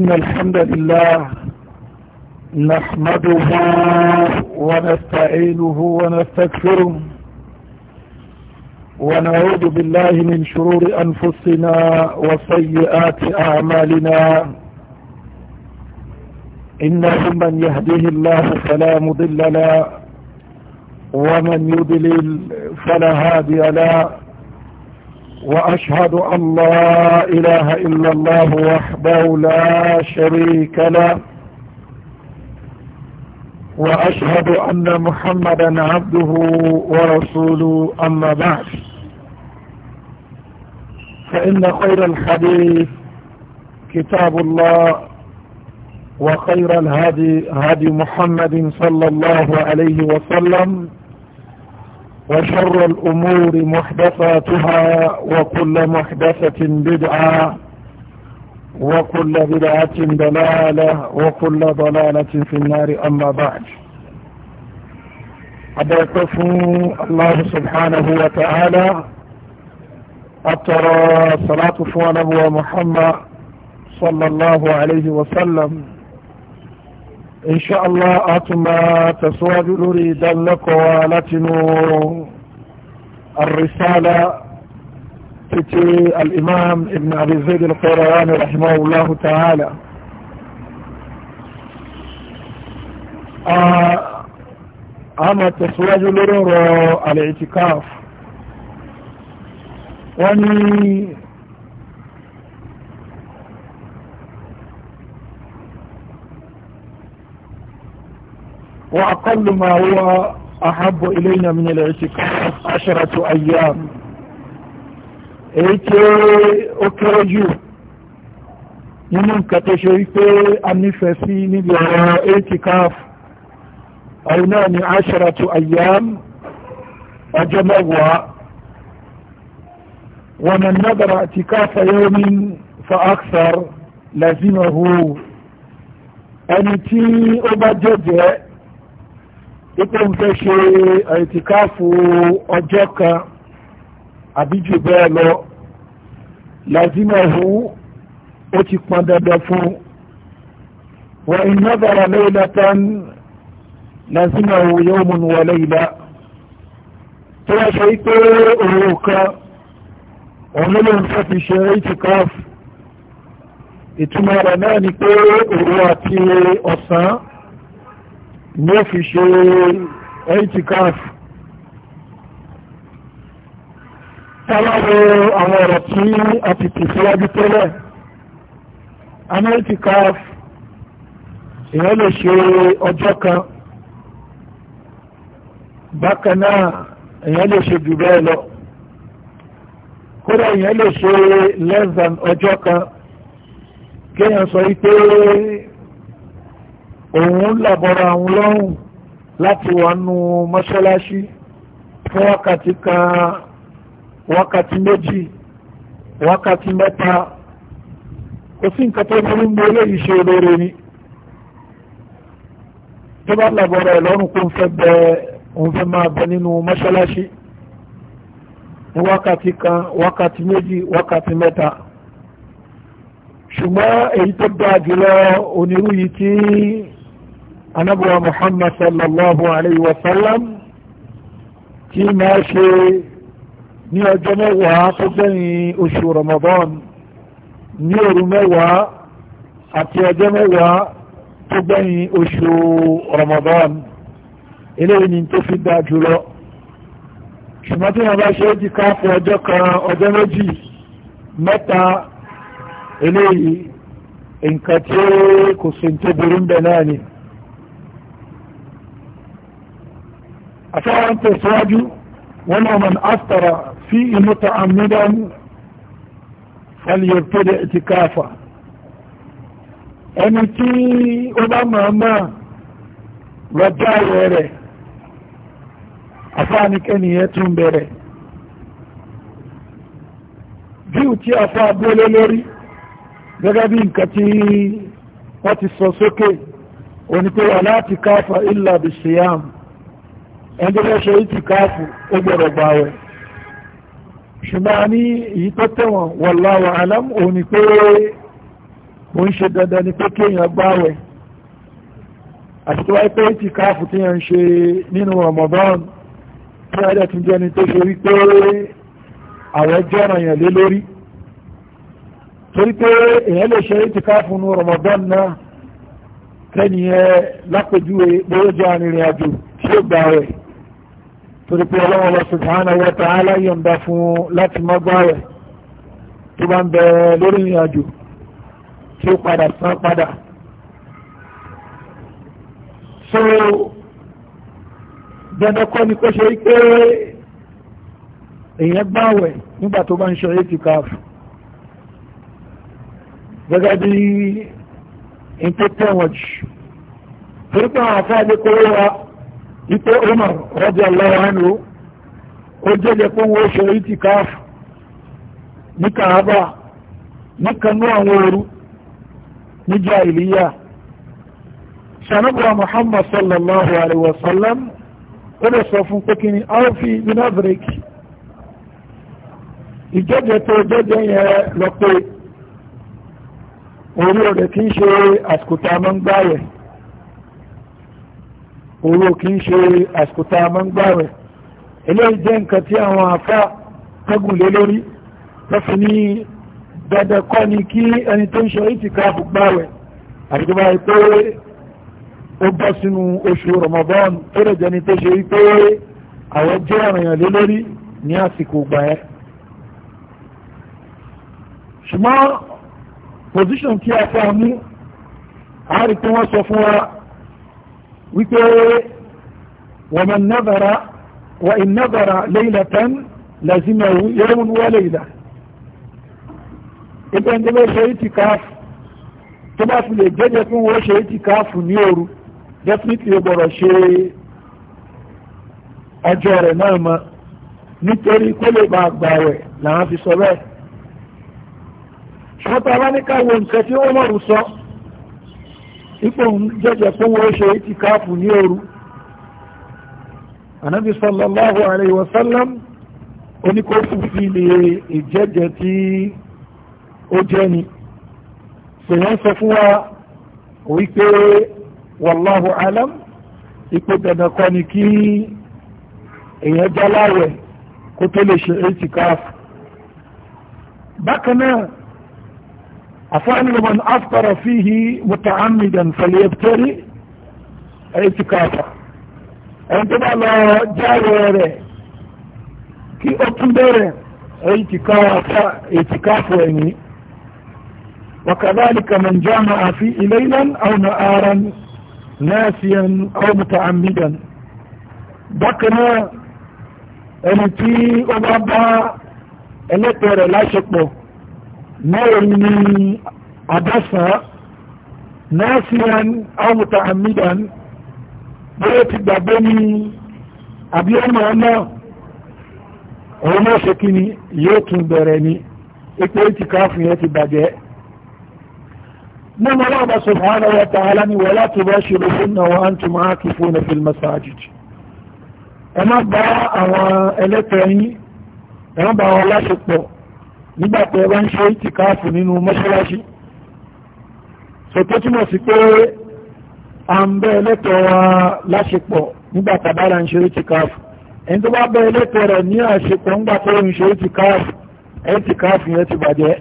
إن الحمد لله نحمده ونستعينه ونستكفره ونعوذ بالله من شرور أنفسنا وسيئات أعمالنا إنه من يهده الله فلا مضل له ومن يضلل فلا هادي له وأشهد أن لا إله إلا الله وحده لا شريك له وأشهد أن محمدا عبده ورسوله أما بعد فإن خير الحديث كتاب الله وخير الهادي هدي محمد صلى الله عليه وسلم وشر الأمور محدثاتها وكل محدثة بدعة وكل بدعة ضلالة وكل ضلالة في النار أما بعد أدعكم الله سبحانه وتعالى أترى صلاة فوانا محمد صلى الله عليه وسلم ان شاء الله اتما تسواد نريد لك ولتنو الرسالة تتي الامام ابن ابي زيد القيرواني رحمه الله تعالى آه، اما تسواد نريد الاعتكاف وني وأقل ما هو أحب إلينا من الاعتكاف عشرة أيام èyí ó kéré jù nínú nǹkan tó ṣe wípé a nífẹ̀ẹ́ sí níbi ọ̀rọ̀ etikaf ọ̀rọ̀ náà ni asharatu ayyam ọjọ́ mẹ́wàá wa man nadara itikafa yawmin fa akthar lazimahu ẹni tí ó bá jẹ́jẹ́ ipò ń fẹ́ ṣe ẹ̀tìkáàfù ọjọ́ kan àbí jù bẹ́ẹ̀ lọ lazimahu ó ti pọn dandan fún wa in nadara laylatan lazimahu yawmun wa layla tó wá ṣe pé òru kan òun ló ń fẹ́ fi ṣe ẹ̀tìkáàfù ìtumọ̀ rẹ̀ náà ni pé òru àti ọ̀sán ní ó fi ṣe ẹ́ntìkáf tálàwọ̀ àwọn ọ̀rọ̀ tí a ti tẹ̀síwájú tẹ́lẹ̀ a ní ẹ́ntìkáf èèyàn lè ṣe ọjọ́ kan bákan náà èèyàn lè ṣe jù bẹ́ẹ̀ lọ kódà èèyàn lè ṣe less than ọjọ́ kan kéèyàn sọ wípé òun làbọ̀rọ̀ àwọn lọ́rùn láti wọnú mọ́ṣáláṣí fún wákàtí kan wákàtí méjì wákàtí mẹ́ta kò sí nǹkan tó burú mú eléyìí ṣe olóore ni tó bá làbọ̀rọ̀ ẹ̀ lọ́rùn kó ń fẹ́ bẹ òun fẹ́ máa bẹ nínú mọ́ṣáláṣí ní wákàtí kan wákàtí méjì wákàtí mẹ́ta ṣùgbọ́n èyí tó dáa jùlọ onírú yìí tí anábùwà muhammad sallallahu alayhi wa sallam tí máa ṣe ní ọjọ́ mẹ́wàá tó gbẹ̀yìn oṣù ramadan ní òru mẹ́wàá àti ọjọ́ mẹ́wàá tó gbẹ̀yìn oṣù ramadan eléyìí ni tó fi dá jùlọ ṣùgbọ́n tí wọ́n bá ṣe é di ká fún ọjọ́ kan ọjọ́ méjì mẹ́ta eléyìí nǹkan tí kò sí tó burú ń bẹ náà ni. afẹ́wọ́n tẹ̀síwájú wọn náà man aftara fi ìmúta àmúdán falyọ̀tẹ́dẹ̀ ìtìkáfà ẹni tí ó bá máa máa lọ́jọ́ ayẹ rẹ̀ afánikẹ́niyẹ tún bẹ̀rẹ̀ bíu tí afá abúlé lórí gẹ́gẹ́ bí nǹkan tí wọ́n ti sọ sókè onípe wà láti káfà illa bisiyam ẹni tó fẹ́ ṣe ìtìkáàfù ó gbọ́dọ̀ gbà rẹ̀ ṣùgbọ́n a ní èyí tó tẹ̀wọ̀n wallahu alam òun ni pé mo ń ṣe dandan ni pé kéèyàn gbà rẹ̀ àti tó wáyé pé ìtìkáàfù tí yẹn ń ṣe nínú Ramadan tí ẹ̀dẹ̀ tún jẹ́ni tí ó gbà rẹ̀ torí pé ọlọ́wọ́ lọ subhanahu wa ta'ala yọ̀ǹda fún láti mọ́gbà rẹ̀ tó bá ń bẹ lórí ìrìn àjò tí ó padà san padà so dandan kọ́ ni kó ṣe rí pé èèyàn gbààwẹ̀ nígbà tó bá ń ṣe ètì káàfù gẹ́gẹ́ bí n tó tẹ̀wọ̀n jù torí pé àwọn afáàlẹ́ kó wá wípé Umar radiyallahu anhu ó jẹ́jẹ́ pé wọ́n ṣe itikaf ní Kaaba ní kanú àwọn òru ní jahiliya sanabra Muhammad sallallahu alaihi wasallam ó lè sọ fún pé kí alfi minabrik ìjẹ́jẹ́ tó jẹ́jẹ́ yẹn lọ pé orí ọ̀rẹ́ kí ń ṣe àsìkò tá a máa ń gbáyẹ̀ òru kìí ṣe àsìkò tá a máa ń gbà rẹ̀ eléyìí jẹ́ nǹkan tí àwọn afá kẹ́gùn lé lórí lọ́fi ní dandan kọ́ ni kí ẹni tó ń ṣe ìtìkáàfù gbà rẹ̀ àti tó ó bọ́ sínú oṣù Ramadan tó lè jẹni tó ṣe wípé àwọn jẹ́ ọ̀ràn lé lórí ní àsìkò gbà ẹ́ ṣùgbọ́n position tí a fẹ́ mú a pé wọ́n sọ fún wa wípé waman nadhara wa in nadhara laylatan lazimahu yawmun wa layla ẹgbẹ́ ń dẹ́lẹ́ ṣe ìtìkáàfù tó bá fi lè jẹ́jẹ́ fún wọ́n ṣe ìtìkáàfù ní òru definitely gbọ́dọ̀ ṣe ọjọ́ rẹ̀ náà mọ́ nítorí kó lè bá gbà rẹ̀ làwọn fi sọ bẹ́ẹ̀ ṣọ́tà wá ní káwọn nǹkan tí mọ̀rù sọ ipò jẹ́jẹ́ fún wọ́n ṣe ti káàfù ní òru anábi sallallahu alayhi wasallam sallam oníkófù fi lè ìjẹ́jẹ́ tí ó jẹ́ ni sèyàn sọ fún wa wípé wallahu alam ipò dandan kọ́ ni kí èèyàn jáláwẹ̀ kó tó lè ṣe ètìkáàfù bákan náà أفعل من أفطر فيه متعمدا فليبتري اعتكافا أنت لا لو جاوري كي أتنبري اعتكافا اعتكافا يعني وكذلك من جامع فيه ليلا أو نهارا ناسيا أو متعمدا بكنا أنتي أبابا أنتي رلاشقه mẹ́rin ni àdásá nasiyan aw muta'ammidan bóyá ti gbàgbé ní àbí ọmọ ọmọ òun náà ṣe kí ni yóò tún bẹ̀rẹ̀ ni ipò tí káàfin yẹn ti bàjẹ́ nínú ọlọ́ọ̀bá subhanahu wa ta'ala ni wala tubashiruhunna wa antum aakifuna fil masajid ẹ má bá àwọn ẹlẹ́tẹ̀ẹ́ ẹ má bá wọn láṣepọ̀ nígbà tẹ́ bá ń ṣe ìtìkáàfù nínú mọ́ṣáláṣí so tó túmọ̀ sí pé a ń bẹ́ ẹlẹ́tọ̀ wa láṣepọ̀ nígbà tàbára ń ṣe ìtìkáàfù ẹni tó bá bẹ́ ẹlẹ́tọ̀ rẹ̀ ní àṣepọ̀ ńgbà tó ń ṣe ìtìkáàfù ìtìkáàfù yẹn ti bàjẹ́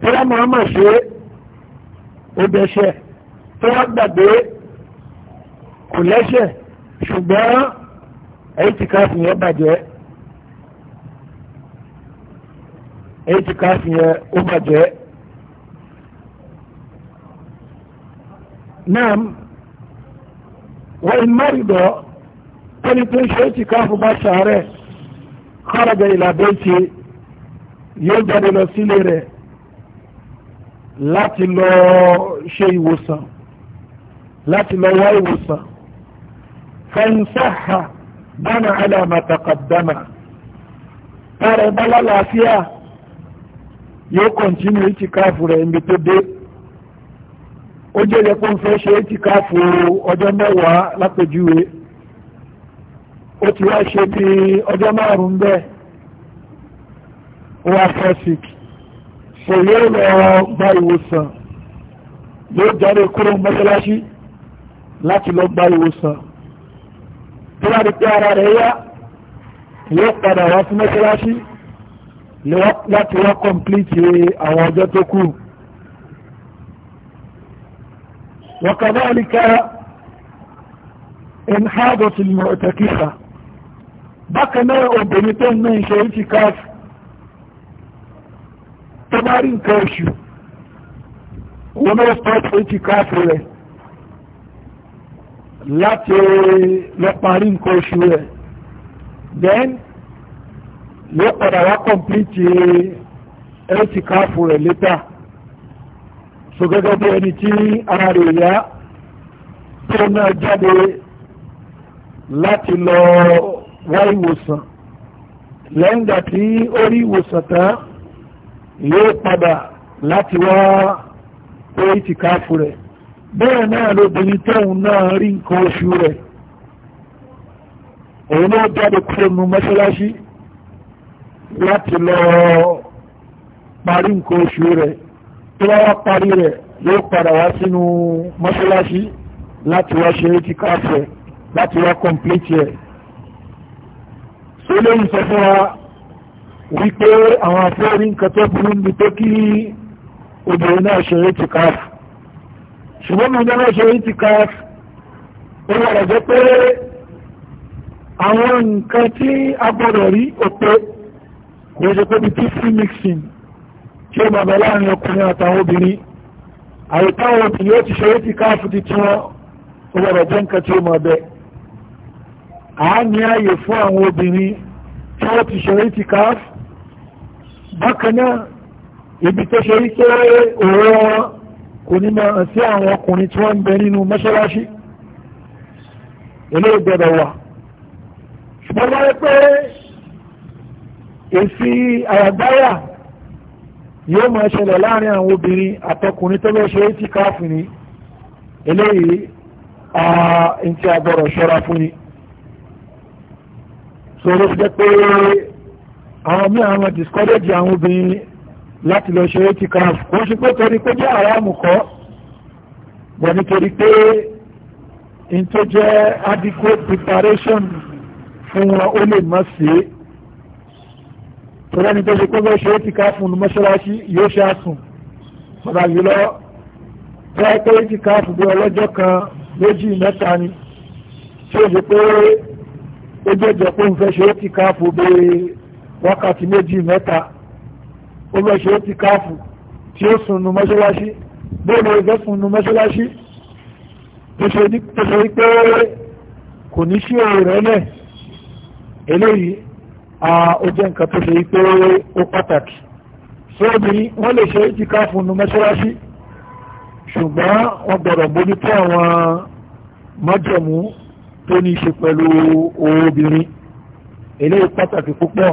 tọ́lá Muhammad ṣe ó dẹ́ṣẹ̀ tọ́lá gbàgbé kò lẹ́ṣẹ̀ ṣùgbọ́n ìtìkáàfù yẹn bàjẹ́ èyí káàfì yẹn ó bàjẹ́ náà wọ́n in márìdọ̀ tẹ́lẹ̀ tó ń ṣe èyí káàfì bá ṣàárẹ̀ kharaja ila bayti yóò jáde lọ sílé rẹ̀ láti lọ ṣe ìwòsàn láti lọ wá ìwòsàn fẹ́ǹsáhà bánà alámàtàkàdámà tààrẹ̀ bá lálàáfíà yóò kọ̀ntínú ìtìkáàfù rẹ̀ ibi tó dé ó jẹ́ yẹ kó ń fẹ́ ṣe ìtìkáàfù ọjọ́ mẹ́wàá lápèjúwe ó ti wá ṣe bí ọjọ́ márùn-ún bẹ́ẹ̀ ó wá fẹ́ sick so yóò lọ gba ìwòsàn yóò jáde kúrò mọ́ṣáláṣí láti lọ gba ìwòsàn tó wá di pé ara rẹ̀ yá yóò padà wá sí mọ́ṣáláṣí láti wá kọ̀m̀plíìtì àwọn ọjọ́ tó kù وكذلك انحادت المعتكفة bákan náà obìnrin tó ní ìṣẹ́ ìtì káàfù tó bá rí nǹkan oṣù wọn ó stọ́ọ̀tì ìtì káàfù rẹ̀ láti lọ parí nǹkan oṣù rẹ̀ then yóò padà wá kọ̀m̀plìtì ẹ̀ẹ́sì káàfù rẹ̀ létà so gẹ́gẹ́ bí ẹni tí ara rẹ̀ yá tó náà jáde láti lọ wá ìwòsàn lẹ́yìn ìgbà tí ó rí ìwòsàn tán yóò padà láti wá ẹ̀ẹ́sì káàfù rẹ̀ bẹ́ẹ̀ náà lóbìnrin tóun náà rí nǹkan oṣù rẹ̀ òun náà jáde kúrò nù mọ́ṣáláṣí láti lọ parí nǹkan oṣù rẹ̀ tó bá wá parí rẹ̀ yóò padà wá sínú mọ́ṣáláṣí láti wá ṣe ti káfẹ́ láti wá kọ̀m̀pléètì ẹ̀. sólè ń sọ fún wa wípé àwọn afẹ́rí nǹkan tó burú níbi tó kí obìnrin náà ṣe ti káfẹ́ ṣùgbọ́n mi náà ṣe ti káfẹ́ ó wà rẹ̀ jẹ́ pé àwọn nǹkan tí a gbọ́dọ̀ rí òpin yẹ́sẹ̀ pé bí tí free mixing tí ó máa bẹ̀ láàrin ọkùnrin àtàwọn obìnrin àìtáwọn obìnrin ó ti ṣe ètì káàfù ti tí wọ́n ó gbọ́dọ̀ jẹ́ nǹkan tí ó máa bẹ̀ a ní ààyè fún àwọn obìnrin tí wọ́n ti ṣe ètì káàfù bákan náà ibi tó ṣe wípé òwe wọn kò ní máa sí àwọn ọkùnrin tí wọ́n ń bẹ nínú mọ́ṣáláṣí eléyìí gbọ́dọ̀ wà ṣùgbọ́n báyẹ̀ pé èsì àyàgbáyà yóò máa ṣẹlẹ̀ láàrin àwọn obìnrin àtọkùnrin tó lọ ṣe é ti ni eléyìí ẹni tí a gbọ́dọ̀ ṣọ́ra fún ni so ló fi jẹ́ pé àwọn míì àwọn discourage àwọn obìnrin láti lọ ṣe é ti káàfù kò ń pé torí pé jẹ́ àrámù kọ́ wọ́n nítorí pé n tó jẹ́ adequate preparation fún wọn ó lè má sí i torí ẹni tó ṣe ṣe é ti ká fún mọ́ṣáláṣí yóò ṣe àsùn padà yìí lọ tẹ́ pé ti ká fún bí ọlọ́jọ́ kan méjì mẹ́ta ni tí ó ṣe pé ó jẹ́jọ́ pé ń fẹ́ ṣe é ti ká fún bí wákàtí méjì mẹ́ta ó fẹ́ ṣe é ti ká fún tí ó sùn nu mọ́ṣáláṣí bóòlù ẹgbẹ́ sùn nu mọ́ṣáláṣí tó ṣe wípé kò ní sí òun rẹ̀ lẹ̀ eléyìí ó jẹ́ nǹkan tó ṣe pé ó pàtàkì sóbìnrin wọ́n lè ṣe ìtìkáfù nínú mẹ́ṣáláṣí ṣùgbọ́n wọ́n gbọ́dọ̀ bójútó àwọn májẹ̀mú tó ní í ṣe pẹ̀lú obìnrin eléyìí pàtàkì púpọ̀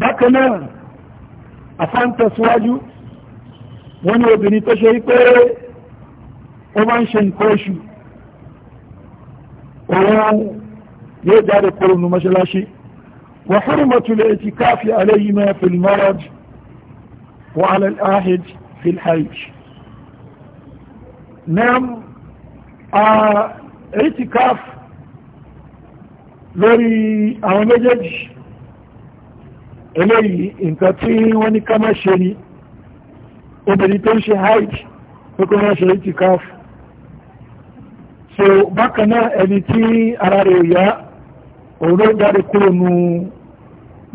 bákan náà àfáǹtẹ̀síwájú wọ́n ní obìnrin tó ṣe pé ó máa ń ṣe nǹkan oṣù òun يدار قرن مجلاشي وحرمة الاعتكاف عليهما في المرض وعلى الآهد في الحيج نعم آه، اعتكاف لوري عمجج إلي إن تطين ونكما شري ومريتنشي حيج وكما شري اعتكاف سو so, بكنا أنتي أراريو òun ló ń jáde kúrò nu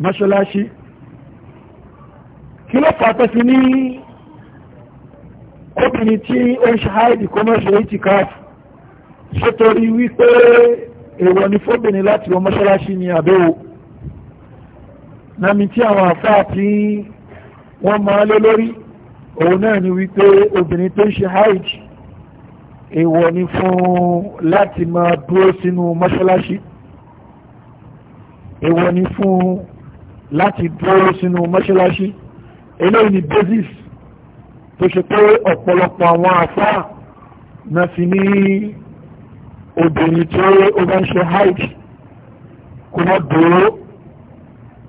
mọ́ṣáláṣí kí ló fà tẹ́sí ní obìnrin tí ó ń ṣááìdì kó mọ́ṣẹ́ itikaf ṣe torí wípé èèwọ̀ ni fóbìnrin láti wọ mọ́ṣáláṣí ni àbẹ́wò nami tí àwọn àfáà tí wọ́n máa lé lórí òun náà ni wípé obìnrin tó ń ṣe haid èèwọ̀ fún láti máa dúró sínú mọ́ṣáláṣí èwo ni fún láti dúró sínú mọ́ṣáláṣí eléyìí ni basis tó ṣe pé ọ̀pọ̀lọpọ̀ àwọn na fi ní obìnrin tí ó bá ń ṣe hajj kó má dúró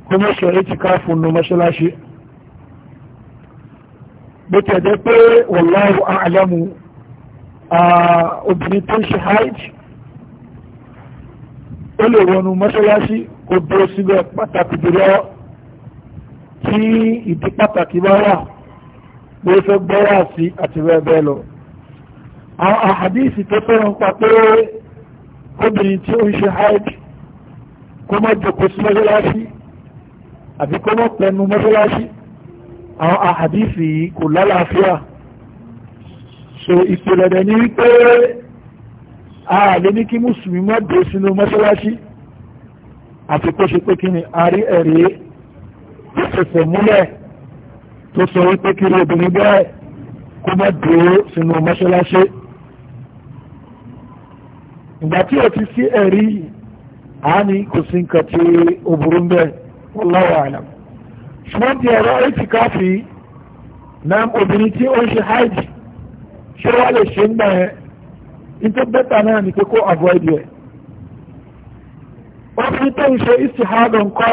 kó má ṣe ètìká fún un mọ́ṣáláṣí bó ti ẹ̀jẹ̀ pé wallahu a'lamu obìnrin tó ń ṣe hajj ó lè wọnú mọ́ṣáláṣí kó dúró síbẹ̀ pàtàkì jùlọ tí ìdí pàtàkì bá wà pé ó fẹ́ gbọ́rọ̀ àti àti bẹ́ẹ̀ bẹ́ẹ̀ lọ. àwọn àhàdíìsì tó fẹ́ràn pa pé obìnrin tí ó ń ṣe hajj kó má jòkó sí mọ́ṣáláṣí àbí kó má pẹnu mọ́ṣáláṣí àwọn àhàdíìsì kò lálàáfíà so ìpìlẹ̀ dẹ̀ wípé a lè ní kí mùsùlùmí má dé sínú mọ́ṣáláṣí àti kó ṣe pé kí ni a rí ẹ̀rí ṣẹ̀ṣẹ̀ múlẹ̀ tó sọ wípé kí ló obìnrin bẹ́ẹ̀ kó má dúró sínú mọ́ṣáláṣí ìgbà tí o ti sí ẹ̀rí àání kò sí nǹkan tí ó burú bẹ́ẹ̀ wallahu a'lam ṣùgbọ́n ti ẹ̀rọ ìtìkáfì náà obìnrin tí ó ń ṣe hajj ṣé wàá lè ṣe ń gbà yẹn nítorí bẹ́tà náà ni pé kó avoid yẹn. wọ́n tó ń ṣe istihada ńkọ́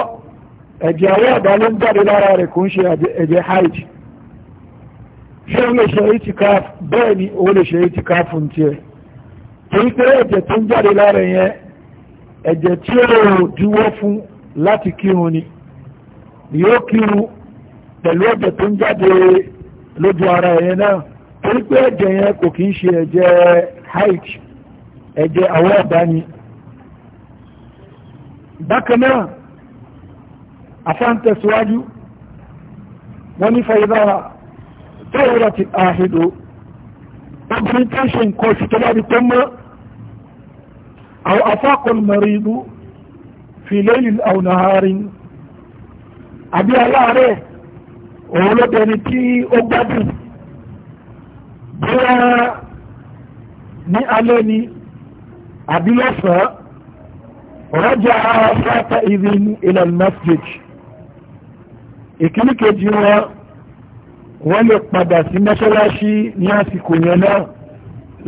ẹ̀jẹ̀ ayé àbá ń jáde lára rẹ̀ kò ń ṣe ẹ̀jẹ̀ hajj ṣé ó lè ṣe itikaf bẹ́ẹ̀ ni o lè ṣe itikaf fún tiẹ̀ torí ẹ̀jẹ̀ tó ń jáde lára yẹn ẹ̀jẹ̀ tí ó dúwọ́ fún láti kírun ni kírun pẹ̀lú ẹ̀jẹ̀ tó ń jáde lójú ara bákan náà afáǹtẹ̀síwájú wọ́n ní fàyíbá tẹ́wọ́rọ̀ ti àhìdò obìnrin tó ṣe nǹkan oṣù tó bá di tó mọ́ àwọn afákọ̀ọ́lù mẹ́rin ìlú fi lẹ́yìn àwọn àárín àbí aláàárẹ̀ òun ló bẹni tí ó gbádùn bí wọ́n ní alẹ́ ni àbí lọ́sàn-án رجع حينئذ إلى المسجد ìkíní kejì wọn wọ́n lè padà sí mọ́ṣáláṣí ní àsìkò yẹn náà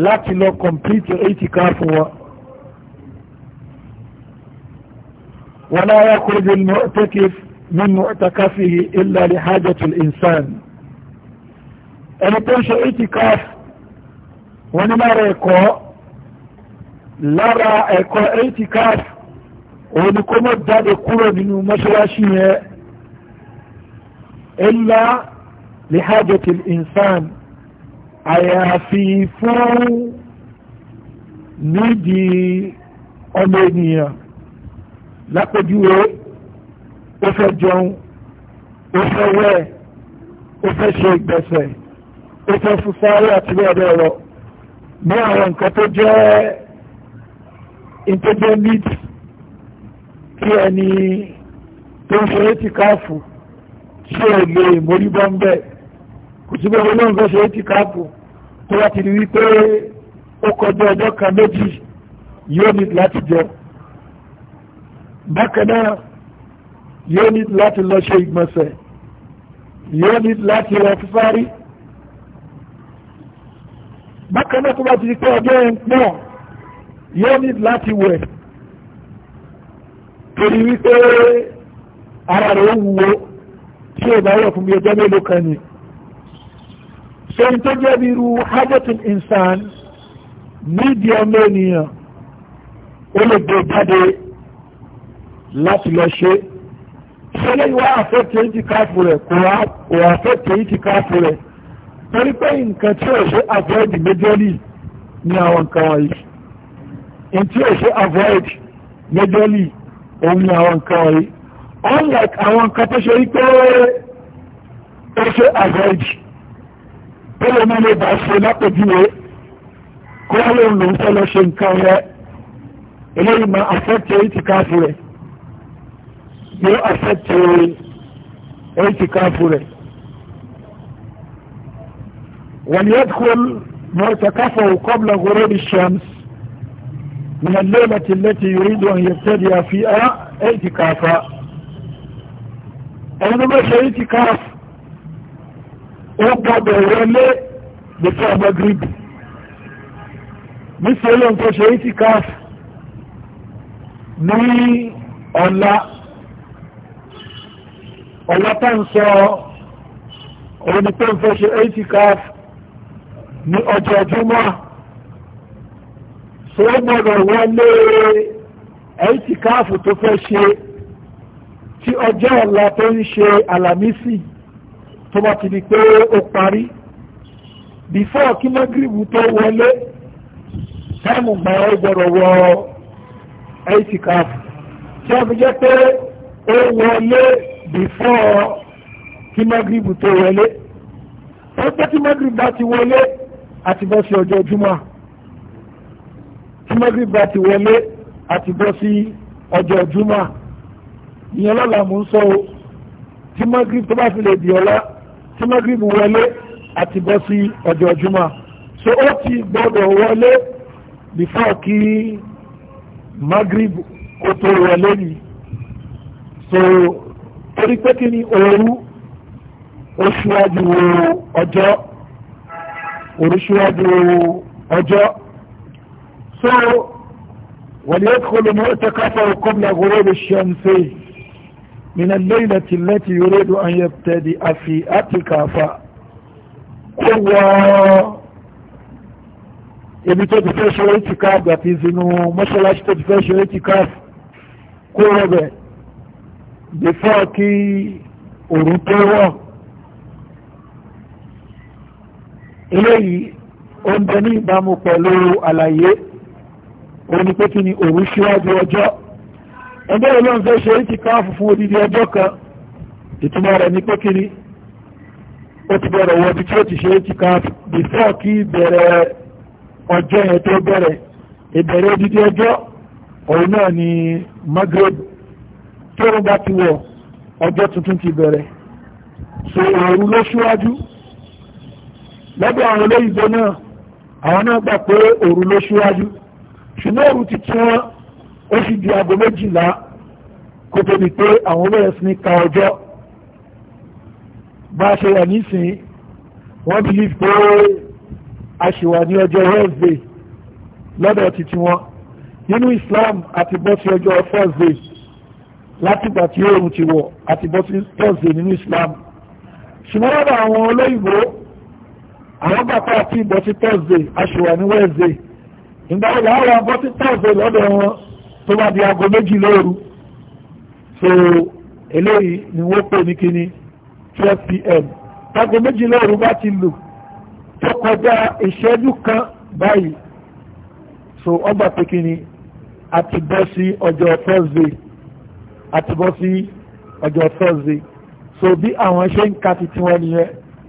láti lọ kọ̀mpútì ètìká fún wọn wọ́n láyá kúrò ní ọ̀tẹ́kì nínú ọ̀tàkáfì illa li hajjatul insan ẹni tó ń ṣe ètìká wọ́n ní lára ẹ̀kọ́ lára ẹ̀kọ́ ètìká fún òun ni kó mọ́ jáde kúrò nínú mọ́ṣáláṣí yẹn illa li hajati al-insan àyàfi fún nídìí ọmọ ènìyàn lápèjúwe ó fẹ́ jọun ó fẹ́ wẹ̀ ó fẹ́ ṣe ìgbẹ̀sẹ̀ ó fẹ́ fún sáré àti bẹ́ẹ̀ lọ ní àwọn nǹkan tó jẹ́ ìtọ́jẹ́ tí ẹni tó ń ṣe étì káàfù tí ò lè mórí bọ́ ń bẹ̀ kò sí pé olóhùn tó ṣe étì káàfù tó wá ti rí wípé ó kọjá ọjọ́ kan méjì yóò ní láti jẹ bákan náà yóò ní láti lọ ṣe ìgbọ̀nsẹ̀ yóò ní láti lọ fífárí bákan náà tó bá ti rí pé ọjọ́ ẹ̀ ń pọ̀ yóò ní láti wẹ̀ torí wípé ara rẹ̀ wúwo tí ò bá rọ̀ fún bí ọjọ́ mélòó kan ni sẹ́yìn tó jẹ́ bí irú hajjatul insan nídìí ọmọ ènìyàn ó lè gbé jáde láti lọ ṣe ṣẹlẹ̀ ìwà àfẹ́tẹ̀ ìtìkáàfù rẹ̀ kò àfẹ́tẹ̀ ìtìkáàfù rẹ̀ torí pé nǹkan tí ò ṣe avoid majorly ní àwọn nǹkan wọ̀nyí in tí ò ṣe avoid majorly òun ni àwọn nǹkan wọ̀nyí unlike àwọn nǹkan tó ṣe wípé ó ṣe average tó lè máa lè bá ṣe lápèjúwe kó wá lóun lòun fẹ́ lọ ṣe nǹkan rẹ eléyìí máa affect eighty káàfù rẹ yóò affect eighty káàfù rẹ wọ́n yẹ kó mọ̀ọ́tà káfọ̀ kọ́bùlà gòrò ní ṣẹ́ms. من الليلة التي يريد أن يبتدئ فيها اعتكافا أنما اعتكاف أبدا ولي بتاع مغرب مثل أن اعتكاف ní ọ̀la ọ̀la tá ń sọ òun ni pé ń fẹ́ ṣe 80 calf ní ọjọ́ ọjọ́ mọ́ra tó gbọ́dọ̀ wọlé ẹ̀ẹ́tìkáàfù tó fẹ́ ṣe tí ọjọ́ ọ̀la tó ń ṣe àlàmísì tó bá ti di pé ó parí bífọ́ kí mọ́gìrìbù tó wọlé táìmù gbà ó gbọ́dọ̀ wọ ẹ̀ẹ́tìkáàfù tí a fi jẹ́ pé ó wọlé bífọ́ kí mọ́gìrìbù tó wọlé ó pẹ́ tí mọ́gìrìbù bá ti wọlé àti bọ́ sí ọjọ́ júmọ́ mọ́gbígbà ti wọlé àti bọ́ sí ọjọ́ júmọ́ ìyẹn lọ́la mú ń sọ o tí mọ́gbígbà tó bá fi lè di ọ̀la tí mọ́gbígbà wọlé àti bọ́ sí ọjọ́ júmọ́ so ó ti gbọ́dọ̀ wọlé before kí mọ́gbígbà kó tó wọlé ni so torí pé kí ni òru ó ṣíwájú ọjọ́ òru ṣíwájú ọjọ́. فليدخلوا وليدخل معتكفه قبل غروب الشمس من الليلة التي يريد أن يبتدئ في اعتكافا قوة ibi tó ti fẹ́ ṣe itikaf àti ìsinú mọ́ṣáláṣí tó ti fẹ́ ṣe itikaf kó rọ̀bẹ̀ before kí òòrùn tó wọ̀ eléyìí ó ní ìbámu pẹ̀lú àlàyé ó ní pé kí ni òru síwájú ọjọ́ ẹgbẹ́ olóhùn fẹ́ ṣe ti káàfù fún odidi ọjọ́ kan ìtumọ̀ rẹ̀ ní pé kí ni ó ti bẹ̀rẹ̀ wọ́n tí ó ti ṣe ti káàfù bífọ́ kí bẹ̀rẹ̀ ọjọ́ yẹn tó bẹ̀rẹ̀ ìbẹ̀rẹ̀ odidi ọjọ́ òun náà ni Maghreb tóun bá ti wọ̀ ọjọ́ tuntun ti bẹ̀rẹ̀ so òru ló ṣíwájú lọ́dọ̀ àwọn olóyìnbó náà àwọn náà gbà pé òru ló ṣíwájú ṣùgbọ́n òru ti tún wọn ó sì di aago méjìlá kó tó di pé àwọn bẹ̀rẹ̀ sí ní ka ọjọ́ bá a ṣe wà nísìnyí wọ́n believe pé a ṣì wà ní ọjọ́ Wednesday lọ́dọ̀ títí wọn nínú Islam àti bọ́ sí ọjọ́ Thursday látìgbà tí oòrùn ti wọ̀ àti bọ́ Thursday nínú Islam ṣùgbọ́n lọ́dọ̀ àwọn olóyìnbó àwọn bàtà àti ìbọ̀ Thursday a ṣì wà ní Wednesday ìgbà wo làwọn àwọn bọ́tí táàbù lọ́dọ̀ wọn tó bá di aago méjì lóru so eléyìí ni wọ́n pè ní kíní twelve pm aago méjì lóru bá ti lù tó kọjá ìṣẹ́jú kan báyìí so ọgbà pé kíní àti bọ́ sí ọjọ́ thursday àti bọ́ sí ọjọ́ thursday so bí àwọn ṣe ń ka titi wọn nìyẹn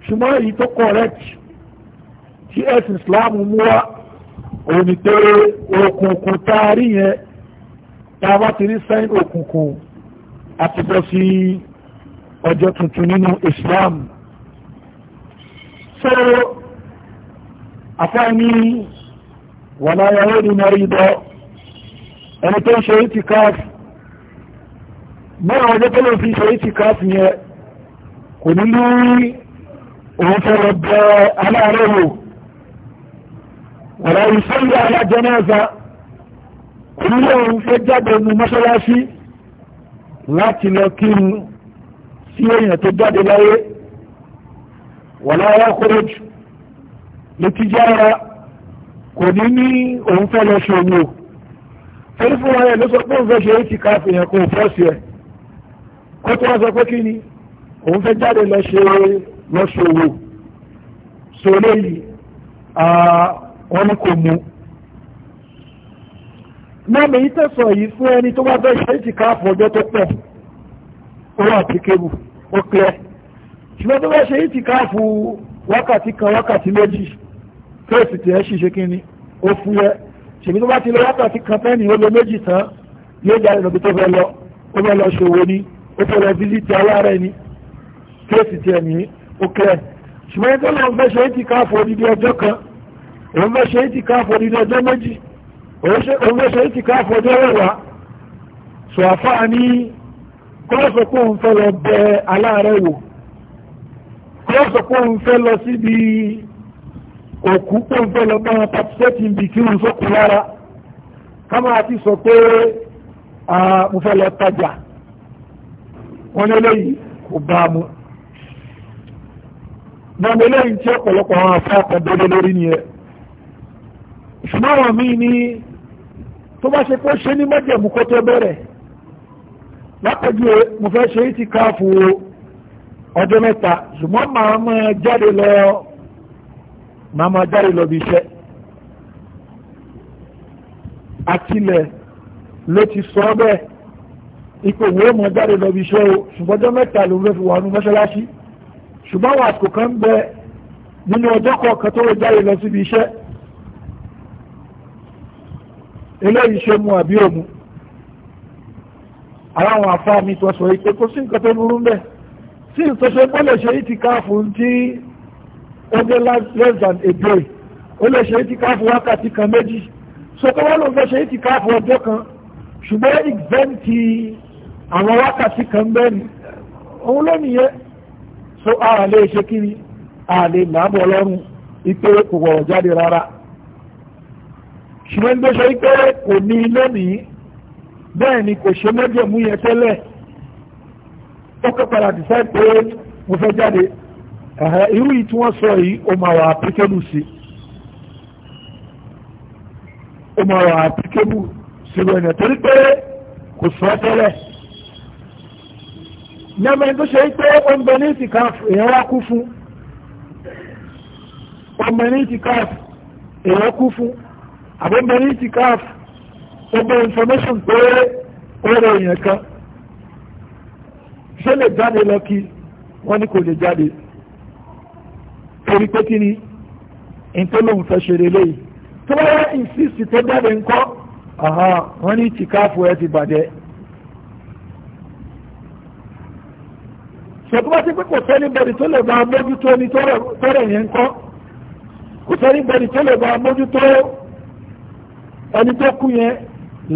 ṣùgbọ́n èyí tó correct tí ẹ̀sìn islam mú wá òun ni pé òkùnkùn tá a rí yẹn tá a bá ti rí sẹ́yìn òkùnkùn àti bọ́ sí ọjọ́ tuntun nínú Islam so àfáàní wàláyàwó ni mọ̀rídọ́ ẹni tó ń ṣe ìtìkáàfù mọ́ra ọjọ́ tó lè fi ṣe ìtìkáàfù yẹn kò ní lórí òun fẹ́ lọ bẹ aláàárẹ̀ wò wàlá ìsọ́lù alájẹ́náza ilé òun fẹ́ jáde nu mọ́ṣáláṣí láti lọ kírun sí èèyàn tó jáde láyé wàlá ayákóró jù létí jára kò ní ní òun fẹ́ lọ ṣe òun o torí fún wa yẹn ló sọ pé òun fẹ́ ṣe é ti ká fìyàn kó fọ́ sí ẹ̀ kó tó wá sọ pé kí ni òun fẹ́ jáde lọ ṣe lọ ṣòwò sọ léyìí ah, wọ́n ní kò mú mọ́mí yìí tẹ̀sọ̀ yìí fún ẹni tó bá fẹ́ ṣe é ti káàpù ọjọ́ tó pọ̀ ó wà tí kébù ó pẹ́ ṣùgbọ́n tó bá ṣe é ti káàpù wákàtí kan wákàtí méjì fẹ́ẹ̀sì tiẹ̀ ṣiṣẹ́ kínní ó fún ẹ ṣèbí tó bá ti lọ wákàtí kan fẹ́ẹ̀nì ó lọ méjì tán yóò jáde lọ́bi tó fẹ́ lọ ó fẹ́ lọ ṣòwò ni ó fẹ́ lọ fíìsìtì aláàrẹ ni fẹ́ẹ̀sì tiẹ̀ ní ó pẹ́ ṣùgbọ́n òun bẹ́ ṣe ìtì káàfọ́ nínú ọjọ́ méjì òun bẹ́ ṣe ìtì káàfọ́ ọjọ́ mẹ́wàá sọ àfáà ní kọ́ọ̀sọ̀ kó ń fẹ́ lọ bẹ aláàárẹ̀ wò kọ́ọ̀sọ̀ kó ń fẹ́ lọ síbi òkú kó ń fẹ́ lọ bá wọn pàtíṣẹ́tì ń bì kí wọ́n sókù lára ká máa sọ pé mo fẹ́ lọ tajà wọ́n ní kò bá mu ṣùgbọ́n àwọn míì ní tó bá ṣe pé ṣe ní mọ́jẹ̀mú kó tó bẹ̀rẹ̀ lápẹjú mo fẹ́ ṣe ti káàfù ọjọ́ mẹ́ta ṣùgbọ́n màá máa jáde lọ màá máa jáde lọ bí iṣẹ́ àtìlẹ̀ ló ti sọ bẹ́ẹ̀ ipò wo mọ̀ jáde lọ bí iṣẹ́ o ṣùgbọ́n ọjọ́ mẹ́ta ló fi wà nú mọ́ṣáláṣí ṣùgbọ́n àwọn kan ń bẹ nínú ọjọ́ kọ̀ọ̀kan tó lè jáde lọ síbi iṣẹ́ eléyìí ṣe mu àbí òmu àwọn àfáà mi tó sọ ìpé kó sí nǹkan tó burú ń bẹ̀ sí ìtọ́ṣe pọ́ lè ṣe ìtìkáàfù tí ó dé less than a day ó lè ṣe ìtìkáàfù wákàtí kan méjì so tó wọ́n ló fẹ́ ṣe ìtìkáàfù ọjọ́ kan ṣùgbọ́n ìgbẹ́ǹtì àwọn wákàtí kan bẹ́ẹ̀ni òun ló nìyẹn so a lè ṣe kiri a lè làbọ̀ lọ́rùn ìpé kò wọ̀rọ̀ jáde rárá ṣùgbọ́n tó ṣe pé kò ní lónìí bẹ́ẹ̀ ni kò ṣe mẹ́jẹ̀mú yẹn tẹ́lẹ̀ ó kọ́ padà dìsáì pé mo fẹ́ jáde irú yìí tí wọ́n sọ yìí ó máa wà àplikébù sí ó máa wà àplikébù sí lọ ẹ̀nà torí pé kò sọ tẹ́lẹ̀ lẹ́mọ̀ tó ṣe pé ó ń bẹ ní ìtìkáfù èèyàn wá kú fún ọmọ ní ìtìkáfù èèyàn kú fún àbóbìnrin ti káàf gbogbo information pé ó rẹ èèyàn kan ṣé lè jáde lọ kí wọ́n ní kò lè jáde torí pé kí ni ìtọ́lóhùn fẹ́ ṣe relé yìí tó bá wá insist tó jáde ńkọ́ wọ́n ní ti káàfù ẹ ti bàjẹ́ ṣètúbá ti pé kò sẹ́ni bẹ̀rẹ̀ tó lè máa mójútó ní tọ́rẹ̀ yẹn ńkọ́ kò sẹ́ni bẹ̀rẹ̀ tó lè máa mójútó ẹni tó kú yẹn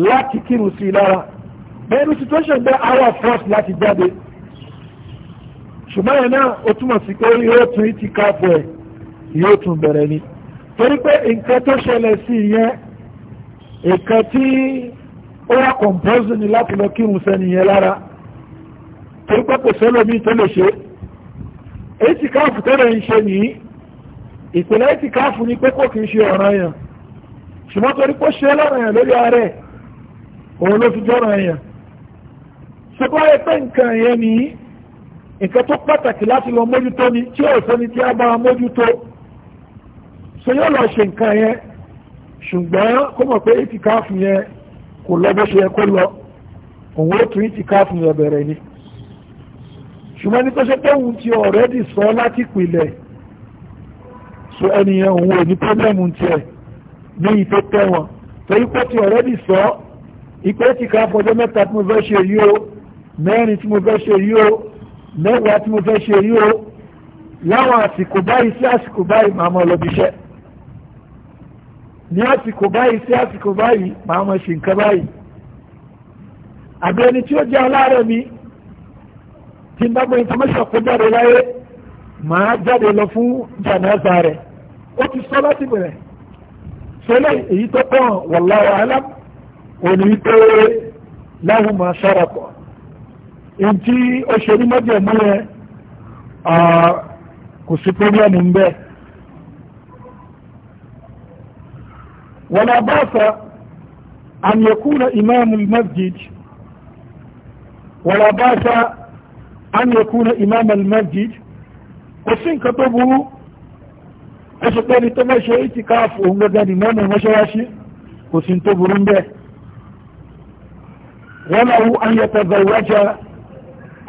láti kírun sí i lára bẹ́ẹ̀ni situation bẹ́ẹ̀ hour first láti jáde ṣùgbọ́n yẹn náà ó túmọ̀ sí pé yóò tún ìtì káàpọ̀ ẹ̀ yóò tún bẹ̀rẹ̀ ni torí pé nǹkan tó ṣẹlẹ̀ sí yẹn nǹkan tí ó wá compulsory ni láti lọ kírun sẹ́ni yẹn lára torí pé kò sẹ́lómi tó lè ṣe èyí ti káàpù tẹ́lẹ̀ ń ṣe nìyí ìpìlẹ̀ èyí ti káàpù ni pé kò kì í ṣe ọ̀ranyàn ṣùgbọ́n torí pé ṣe lọ́rọ̀ yẹn lórí ààrẹ òun ló fi jọ́rọ̀ yẹn ṣùgbọ́n ẹ pé nǹkan yẹn ní nǹkan tó pàtàkì láti lọ mójútó ni tí ò sẹ́ni tí a bá mójútó ṣe yóò lọ ṣe nǹkan yẹn ṣùgbọ́n kó mọ̀ pé ìtìkáàfù yẹn kò lọ bó ṣe yẹ kó lọ òun ó tún ìtìkáàfù yẹn bẹ̀rẹ̀ ni ṣùgbọ́n ní tó ṣe pé òun ti ọ̀rẹ́dì sọ láti pìlẹ̀ so ẹnìyẹn òun ò ní pọ́blẹ́mù tiẹ̀ ní ìtò tẹ́wọ̀n torí pé ti ọ̀rẹ́ bì sọ ìpè ti ká fọjọ́ mẹ́ta tí mo fẹ́ ṣe yìí o mẹ́rin tí mo fẹ́ ṣe yìí o mẹ́wàá tí mo fẹ́ ṣe yìí o láwọn àsìkò báyìí sí àsìkò báyìí màá mọ lọ bíṣẹ́ ní àsìkò báyìí sí àsìkò báyìí màá mọ ṣe nǹkan báyìí àbí ẹni tí ó jẹ́ aláàrẹ̀ mi tí n bá gbé information kó jáde láyé màá jáde lọ fún jàǹdà rẹ̀ ó ti sọ láti bẹ̀rẹ̀ sẹ́lẹ̀ èyí tó kàn wallahu alam òní pé láwùn máa ṣára pọ̀ èyí tí ó ṣe ní mọ́jẹ̀mú yẹn kò sí pírọ́blẹ́mù ń bẹ́ẹ̀. ولا باس أن يكون إمام المسجد ولا باس أن يكون إمام المسجد وسن كتبه ó ṣe pé ní tó mọ́ ṣe ìtìkáàfù òun gẹ́gẹ́ ni mọ́mọ́ mọ́ṣáláṣí kò sí tó burú ń bẹ́ẹ̀ wọ́n máa wú an yatazawwaja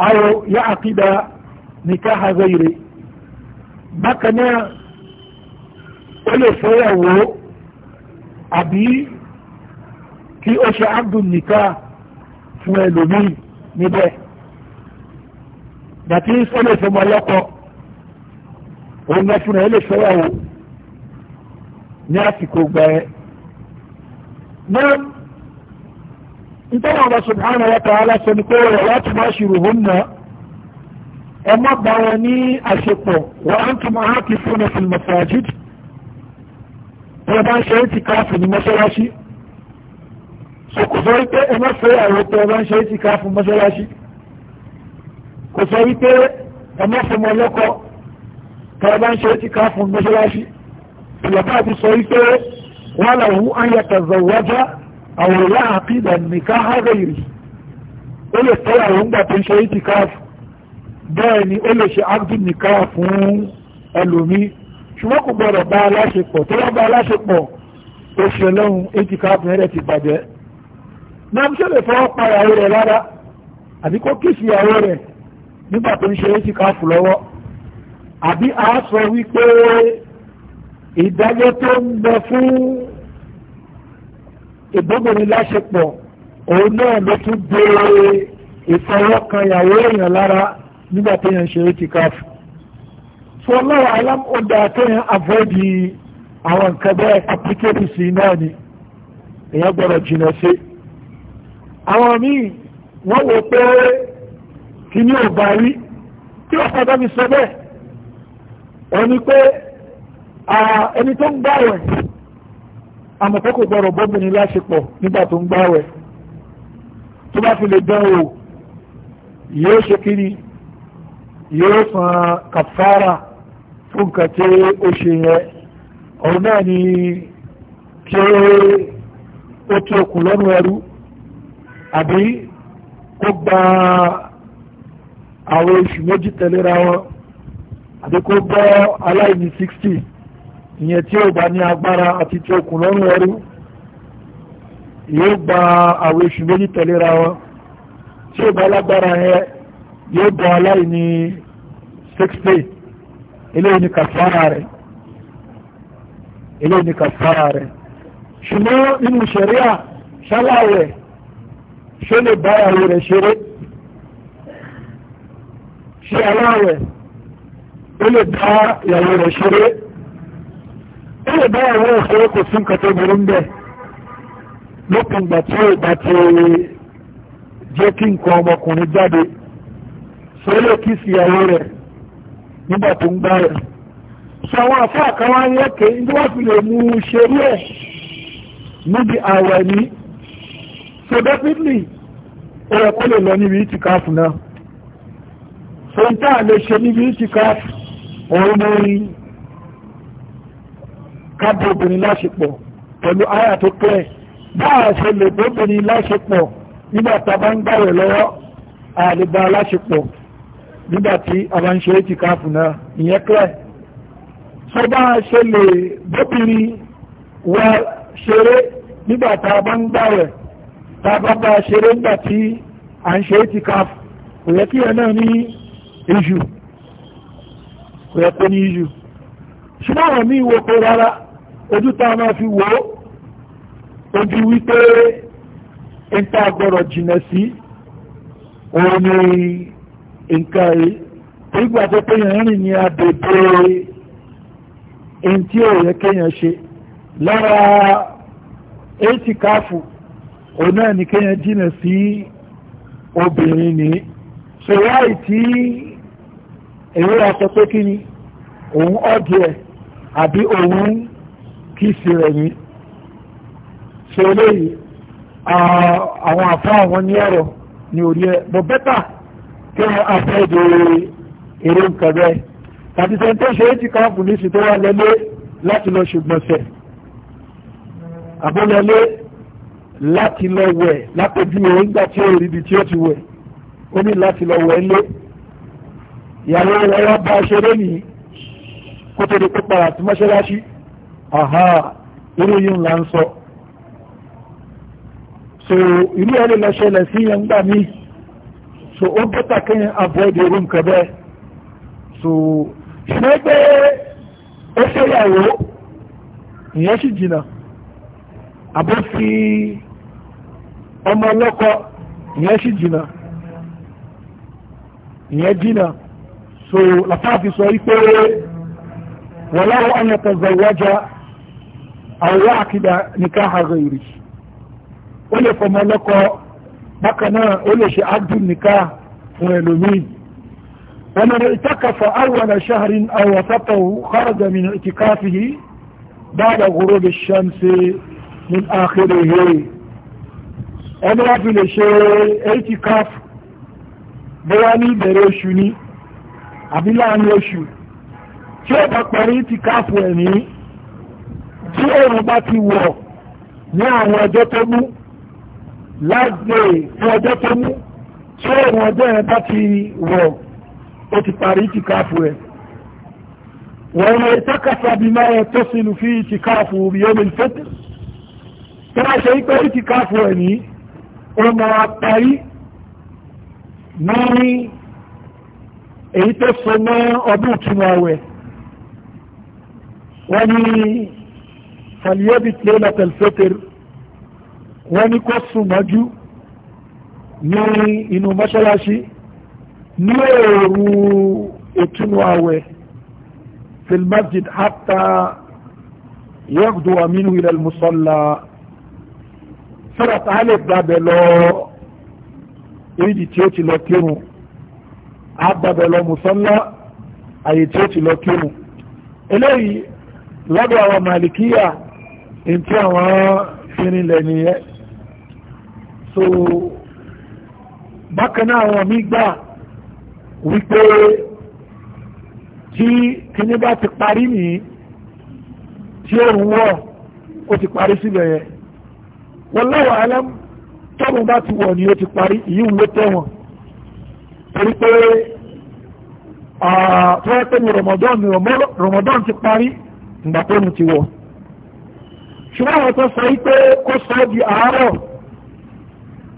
aw ya'qida nikaha ghayri bákan náà ó lè fẹ́yàwó àbí kí ó ṣe abdul nikah fún ẹlòmíì níbẹ̀ that ó lè fọmọ lọ́kọ̀ọ́ òun náà fúnra ẹ lè fẹ́yàwó ní àsìkò gbà ẹ. náà nítorí Allah subhanahu wa ta'ala sọ ni pé wala tubashiruhunna ẹ má bá wọn ní àṣepọ̀ wa antum aakifuna fil masajid wọn bá ń ṣe é ti káàfù ní mọ́ṣáláṣí kò sọ wípé ẹ má fẹ́ àwọn tó ẹ ṣe é ti káàfù mọ́ṣáláṣí kò sọ wípé ẹ má fọmọ ọlọ́kọ̀ọ́ tọ́ọ̀bá ń ṣe é ti ká fún mọ́ṣáláṣí ìyàpá ti sọ wípé wọ́n lọ wú ayẹta zọ̀wọ́já àwòrán àpìlẹ̀ nìkan hárẹ̀rì ó lè tọ́ra òun gbà tó ń ṣe é ti ká fún bẹ́ẹ̀ ni ó lè ṣe ágbì nìkan fún ẹlòmí ṣùgbọ́n kò gbọ́dọ̀ bá aláṣepọ̀ tó bá bá aláṣepọ̀ ó ṣe lọ́hun éjì ká fún ẹ̀rẹ̀ ti bàjẹ́ náà ṣe àbí a sọ wípé ìdájọ́ tó ń bẹ fún ìbọ́bìnrin láṣepọ̀ òun náà ló tún dé ìfọwọ́kanyàwó èèyàn lára nígbà tó yàn ṣe é ti káfù fọlọ́wọ́ alámọ̀dá tó yàn àfọ́dì àwọn nǹkan bẹ́ẹ̀ àplikébù sí náà ni èèyàn gbọ́dọ̀ jìnà sí àwọn míì wọ́n wò pé kí ni ò bá rí tí ọ̀sán bá mi sọ bẹ́ẹ̀ òun ni pé ẹni tó ń gbàwẹ̀ àmọ̀kọ́ kò gbọ́dọ̀ bọ́bìnrin láṣepọ̀ nígbà tó ń gbàwẹ̀ tó bá fi lè dán o yóò ṣe kiri yóò san kàfàrà fún nǹkan tí ó ṣe yẹn òun náà ni kí ó tí okùn lọ́nu ẹrú àbí ó gba àwọn oṣù méjì tẹ̀léra wọn àti kó bọ́ aláìní 60 ìyẹn tí ó bá ní agbára àti tí okùn lọ́rùn ẹrú yóò gba àwọn oṣù méjì tẹ̀léra wọn tí ó bá lágbára yẹn yóò bọ́ aláìní 60 eléyìí ni kàfàrà rẹ̀ eléyìí ni kàfàrà rẹ̀ ṣùgbọ́n nínú ṣẹ̀ríà ṣáláwẹ̀ ṣé lè bá àwọn rẹ̀ ṣeré ṣe aláwẹ̀ ó lè dá ìyàwó rẹ̀ ṣeré ó lè dá ìyàwó rẹ̀ ṣeré kò sí nǹkan tó burú ń bẹ̀ lópin ìgbà tí ó bá ti jẹ́ kí nǹkan ọmọkùnrin jáde sọ lè kí sí ìyàwó rẹ̀ nígbà tó ń gbá rẹ̀ sọ àwọn àfáà kan ń yẹ́kẹ́ ní wọ́n fi lè mú un ṣeré ẹ̀ níbi àwẹ̀ ní so definitely ó yẹ kó lè lọ níbi ìtìkáfù náà so ń tà lè ṣe níbi ìtìkáfù òun ni kábọ̀ obìnrin láṣepọ̀ pẹ̀lú àyà tó pẹ́ báà ṣe lè bóbìnrin láṣepọ̀ nígbà tá a bá ń gbàwẹ̀ lọ́wọ́ àlebà láṣepọ̀ nígbà tí a bá ń ṣe ètì káàfù náà ìyẹn pẹ́ sọ báà ṣe lè bóbìnrin wá ṣeré nígbà tá a bá ń gbàwẹ̀ tá a bá bá ṣeré nígbà à ń ṣe ètì káàfù kò yẹ kí ẹ náà ní èjù kò yẹ kó ní yíyù ṣùgbọ́n àwọn míì wo pé rárá ojú táwọn máa fi wò ó ojú wípé níta gbọ́dọ̀ jìnà sí òun ni nǹkan yìí nígbà tó pé yẹn rìn ní agbègbè ẹni tí kéèyàn ṣe lára èsì káfù òun náà ni kéèyàn jìnà sí obìnrin ní ṣòwò àìtí èyí wọ́n sọ pé kí ni òun ọ̀dù ẹ̀ àbí òun kì í sí rẹ̀ ní ṣe eléyìí àwọn àfá àwọn ní ẹ̀rọ ní orí ẹ̀ bọ̀ bẹ́tà kí wọ́n afẹ́ èdè èrè nǹkan bẹ́ẹ̀ tàbí sẹ́ńtẹ́ ṣe é ti káàpù níṣì tó wà lẹ́lé láti lọ ṣùgbọ́nsẹ̀ àbólẹ́lé láti lọ wẹ̀ látọ̀jú òun tí ó rí ibi tí ó ti wẹ̀ ó ní láti lọ wẹ̀ lé ìyàwó rẹ̀ wọ́n bá ṣeré ní kó tó di kó tí mọ́ṣáláṣí àhá irú yìí ńlá ń sọ so irú ẹ̀ lè lọ ṣẹlẹ̀ sí yẹn gbà mí so ó bẹ́tà kí n avoid irú nǹkan bẹ́ẹ̀ so ṣé pé ó ṣèyàwó ìyẹn sì jìnnà àbó fi ọmọ ọlọ́kọ ìyẹn sì jìnnà ìyẹn jìnnà so làfáàfi sọ wípé wọláwọ anyata zawaja àwọn àkìdá nìkan àrẹ ìrì ó lè fọmọ ọlọ́kọ bákan náà ó lè ṣe adùn nìkan fún ẹlòmíì ومن اعتكف اول شهر او وسطه خرج من اعتكافه بعد غروب الشمس من اخره ọmọ láti lè ṣe ẹ́tìkáf bọ́wá ní ìbẹ̀rẹ̀ oṣù àbí láàrin oṣù tí ó bá parí ti káàfù ẹ̀mí tí òun bá ti wọ̀ ní àwọn ọjọ́ tó mú lágbè fún ọjọ́ tó mú tí òun ọjọ́ yẹn bá ti wọ̀ ó ti parí ti káàfù ẹ̀ wọ́n lè tọ́kàtà bí máa tó sínú fi ti káàfù bí ó lè fẹ́tẹ̀ tó bá ṣe pé ti káàfù ẹ̀mí ó máa parí ní èyí tó so mọ́ ọdún ìtúnu àwẹ̀ wọ́n ní fàlíyébì tilé lọ́tẹ̀lfẹ́tẹ̀rù wọ́n ní kó sùn mọ́jú ní inú mọ́ṣáláṣí ní òru ìtúnu àwẹ̀ filmasjid hatta yẹ́gùdù àmínú ilẹ̀ musọ́lá sọ́dọ̀ tá a gbàbẹ̀ lọ èyí tí ó ti lọ kírun àgbàbẹ̀ lọ mùsọ́lá àyè tí ó ti lọ kírun eléyìí lọ́dọ̀ àwọn màlìkíyà in tí àwọn fínilẹ̀ nìyẹn so bákanáà àwọn mí gbà wípé tí kíní bá ti parí nìyí tí òun wọ̀ ó ti parí síbẹ̀ yẹn wallahu alam tọ́run bá ti wọ̀ ni ó ti parí ìyí ló tẹ́wọ̀n torí pé fẹ́ pé ní Ramadan ní Ramadan ti parí ìgbà tó ní ti wọ̀ ṣùgbọ́n àwọn tó sọ wípé kó sọ di àárọ̀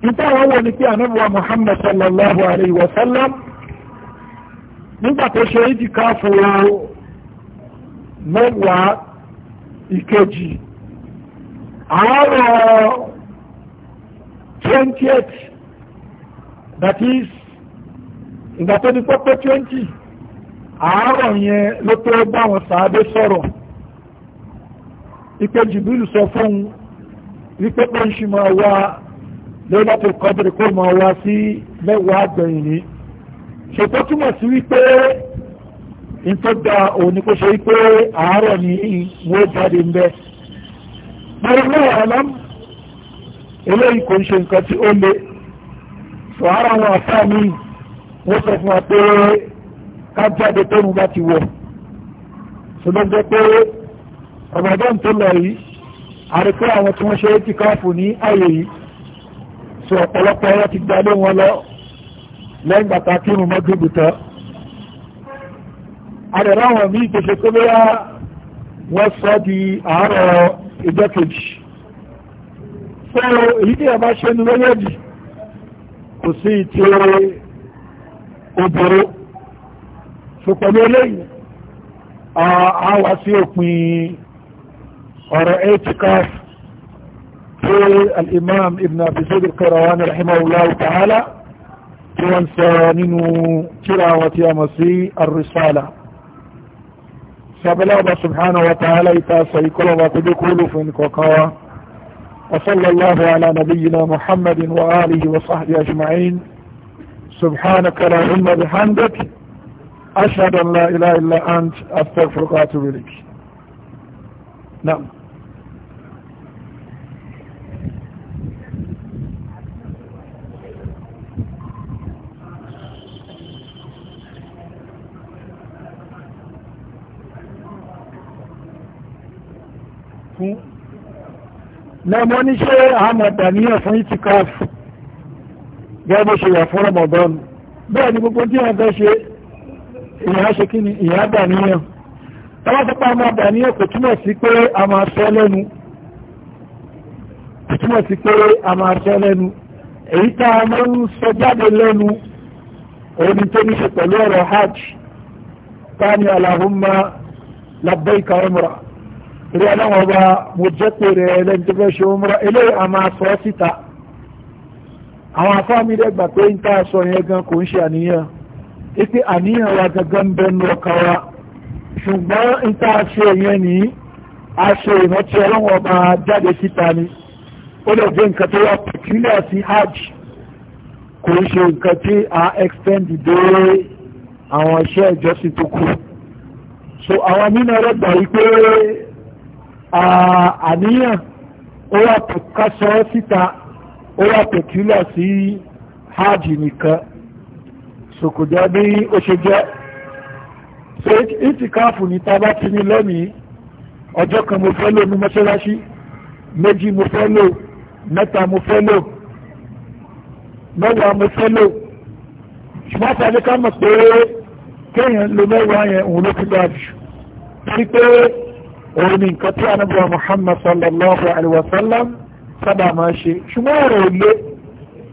ìtàn àwọn wọ̀ ni pé anábùwà Muhammad sallallahu alayhi wa sallam nígbà tó ṣe ìdíkàfò mẹ́wàá ìkejì àárọ̀ 28 that is ìgbà tó di pọ́pẹ́ twenty àárọ̀ yẹn ló tó bá wọn sàábé sọ̀rọ̀ ìpè jìbìlù sọ fún un wípé pọ́ńṣì máa wá lẹ́yìnbàtò kọ́dìrì kó máa wá sí mẹ́wàá àgbẹ̀yìn ni ṣètò túmọ̀ sí wípé ìtọ́jà òní kó ṣe wípé àárọ̀ ni wọ́n jáde ń bẹ́ mọ̀lẹ́mọ̀ àlám eléyìí kò ń ṣe nǹkan tí ó le sọ wọn àfáà míì wọ́n sọ fún wa pé ká jáde tóun bá ti wọ̀ ṣùgbọ́n jẹ́ pé Ramadan tó lọ yìí àríkọ́ àwọn tí wọ́n ṣe é ti káàfù ní ààyè yìí sọ ọ̀pọ̀lọpọ̀ ọ̀rọ̀ ti gbálé wọn lọ lẹ́yìn bàtà kí wọn mọ́ gbogbo tán àrẹ̀rẹ́ àwọn míì tó ṣe pé bóyá wọ́n sọ di àárọ̀ ìjọ kejì sọ èyí tí a bá ṣe ní lọ́yẹ̀dì kò sí ìtì ó dúró so pẹ̀lú eléyìí a wá sí òpin ọ̀rọ̀ etikaf tí al-imam ibn abdulsaid al-Qayrawani rahimahullah ta'ala tí wọ́n sọ nínú kíra tí a mọ̀ sí ar-risala سابلا الله سبحانه وتعالى يتاسي كل ما تقول في الكوكاوة وصلى الله على نبينا محمد وآله وصحبه أجمعين سبحانك لا علم بحمدك أشهد أن لا إله إلا أنت أستغفرك وأتوب إليك نعم fún lẹ́mọ́ ní ṣe àmọ̀dà ní ẹ̀fún gẹ́gẹ́ bó ṣe wà fún Ramadan bẹ́ẹ̀ ni gbogbo tí wọ́n fẹ́ ṣe ìyá ṣe kí ni ìyá bà níyàn tọ́wọ́sọ́pá máa bà níyàn kò túmọ̀ sí pé a máa sọ lẹ́nu kò túmọ̀ sí pé a máa sọ lẹ́nu èyí tá a máa ń sọ jáde lẹ́nu òun tó ní ṣe pẹ̀lú ọ̀rọ̀ hajj tani alahumma labbaika umra ìrẹ́ aláwọ̀ ọba mo jẹ́ pé rẹ̀ lẹ́ni tó fẹ́ ṣe umra eléyìí a máa sọ síta àwọn afáàmìdẹ́gbà pé ń tàà sọ yẹn gan kò ń ṣe àníyàn ipé àníyàn wa gangan ń bẹnu ọkà wa ṣùgbọ́n ń tàà ṣe yẹn ní aṣọ ìrántí ọlọ́wọ́ ọba jáde síta ni ó lè jẹ́ nǹkan tó wà peculiar sí hajj kò ń ṣe nǹkan tí a extend dé àwọn iṣẹ́ ìjọsìn tó kù so àwọn nínú ẹlẹ́gbà wípé àníyàn ó wà tó ká sọ síta ó wà pẹ̀túlà sí hajj nìkan sòkòjá bí ó ṣe jẹ́ so ìtìkáàfù ní tábà ti ní lẹ́mìí ọjọ́ kan mo fẹ́ lò ní mọ́ṣáláṣí méjì mo fẹ́ lò mẹ́ta mo fẹ́ lò mẹ́wàá mo fẹ́ lò ṣùgbọ́n àtàlẹ́ ká mọ̀ pé kéèyàn lo mẹ́wàá yẹn òun ló fi dáa jù sí pé òun ni nǹkan tí anábọ̀ Muhammad sallallahu alaihi wa sallam sábà máa ṣe ṣùgbọ́n ọ̀rọ̀ ò lé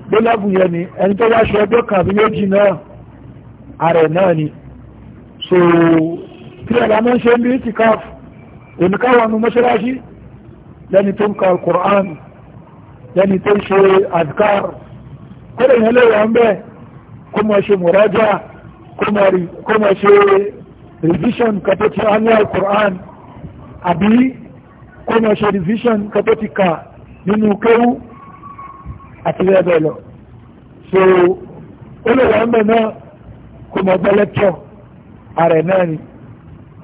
gbélẹ́bù yẹn ni ẹni tó wáṣọ ọjọ́ kan àbí méjì náà ààrẹ náà ni so tí ẹ̀dá máa ń ṣe ní itikaf èmi káwọn ọmọ mọ́ṣáláṣí lẹ́ni tó ń ka Qur'an lẹ́ni tó ń ṣe adkar kọ́dọ̀ yẹn lè wọ́n bẹ́ẹ̀ kó mọ̀ ṣe mùrájà kó mọ̀ ṣe revision kàtó ti annual Qur'an àbí kó mọ̀ ṣe revision kàtó ti ka nínú kéwú àti bẹ́ẹ̀ lọ so ó lè wà ń bẹ̀ náà kó mọ̀ gbọ́ lẹ́kṣọ̀ ààrẹ náà ni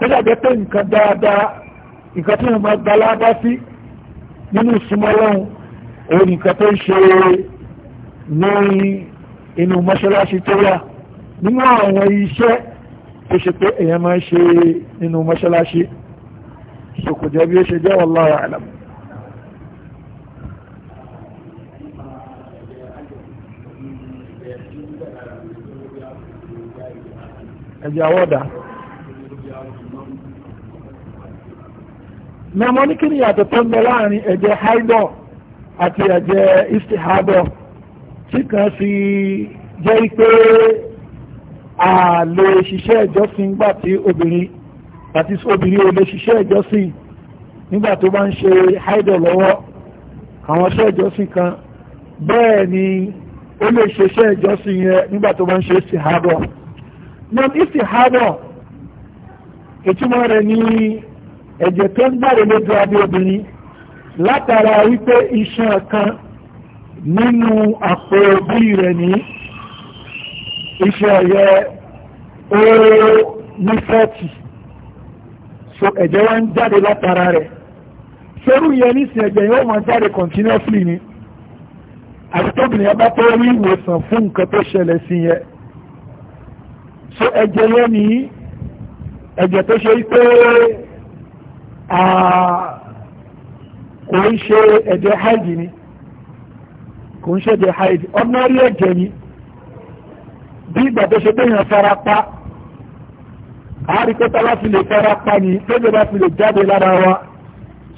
ó dàgbẹ́ pé nǹkan dáadáa nǹkan tí wọ́n máa gba lábá sí nínú ìsúnmọ́ lọ́hùn òun nìkan tó ń ṣe ní inú mọ́ṣáláṣí tó wà nínú àwọn iṣẹ́ tó ṣe pé èèyàn máa ń ṣe nínú mọ́ṣáláṣí ṣòkòjẹ́ bí ó ṣe jẹ́ wallahu a'lam ẹjẹ́ àwọ́dà mẹ́mọ́ ní kí ni yàtọ̀ tó ń bẹ láàrin ẹ̀jẹ̀ haidọ̀ àti ẹ̀jẹ̀ istihadọ̀ tí kan fi jẹ́ pé a lè ṣiṣẹ́ ìjọsìn gbà tí obìnrin àti obìnrin ò lè ṣiṣẹ́ ìjọsìn nígbà tó bá ń ṣe haidọ̀ lọ́wọ́ àwọn ṣẹ́ ìjọsìn kan bẹ́ẹ̀ ni ó lè ṣe ṣẹ́ ìjọsìn yẹn nígbà tó bá ń ṣe istihadọ̀ nam istihabọ̀ ìtumọ̀ rẹ̀ ní ẹ̀jẹ̀ tó ń gbàrẹ̀ lójú abẹ́ obìnrin látara wípé iṣan kan nínú àpò òbí rẹ̀ ní iṣan ẹ̀yẹ ó ní fẹ́ẹ̀tì so ẹ̀jẹ̀ wá ń jáde látara rẹ̀ serú yẹn nísìn ẹ̀jẹ̀ yóò máa jáde continuously ni àti tóbi ni ẹ bá tó rí ìwòsàn fún nǹkan tó ṣẹlẹ̀ sí yẹn so ẹ̀jẹ̀ lónìí ẹ̀jẹ̀ tó ṣe pé kò ń ṣe ẹ̀jẹ̀ haidi ni kò ń ṣe ẹ̀jẹ̀ haidi ọmọ rí ẹ̀jẹ̀ ni bí ìgbà tó ṣe pé èèyàn fara pa àárín pẹ́ta láti lè fara pa ní pẹ́jọ láti lè jáde lára wa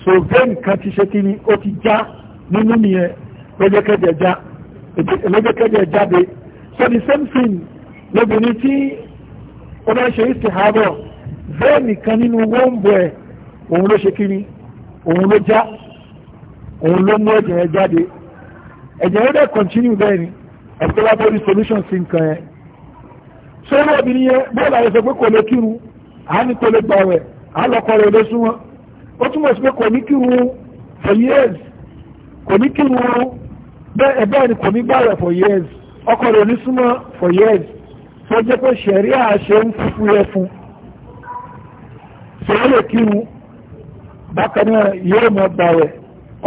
so vein kan ti ṣe kí ni ó ti já nínú nìyẹn lọ́jọ́kẹ́jẹ̀ jáde so the same thing lóbìnrin tí ó bá ṣe ìsìnkábọ̀ bẹ́ẹ̀ nìkan nínú wọ́ǹbù ẹ̀ òun ló ṣe kíni òun ló já òun ló mú ẹ̀jẹ̀ jáde ẹ̀jẹ̀ dẹ̀ continue bẹ́ẹ̀ ni explanatory solution sí nǹkan ṣé bọ́ọ̀lù pé kò lè kírun à ní kò lè à rẹ̀ lé súnmọ́ ó túmọ̀ sí pé kò ní kírun for years kò ní kírun bẹ́ẹ̀ bẹ́ẹ̀ ni kò ní for years ọkọ rẹ̀ ní súnmọ́ for years tó jẹ́ pé ṣẹ̀rí àṣẹ ń fúfú yẹ fún ṣe lè kírun bákan náà yóò mọ gbàwẹ̀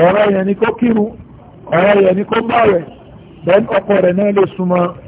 ọ̀rọ̀ yẹn ni kó kírun ọ̀rọ̀ yẹn ni kó gbàwẹ̀ then ọkọ rẹ̀ náà lè súnmọ́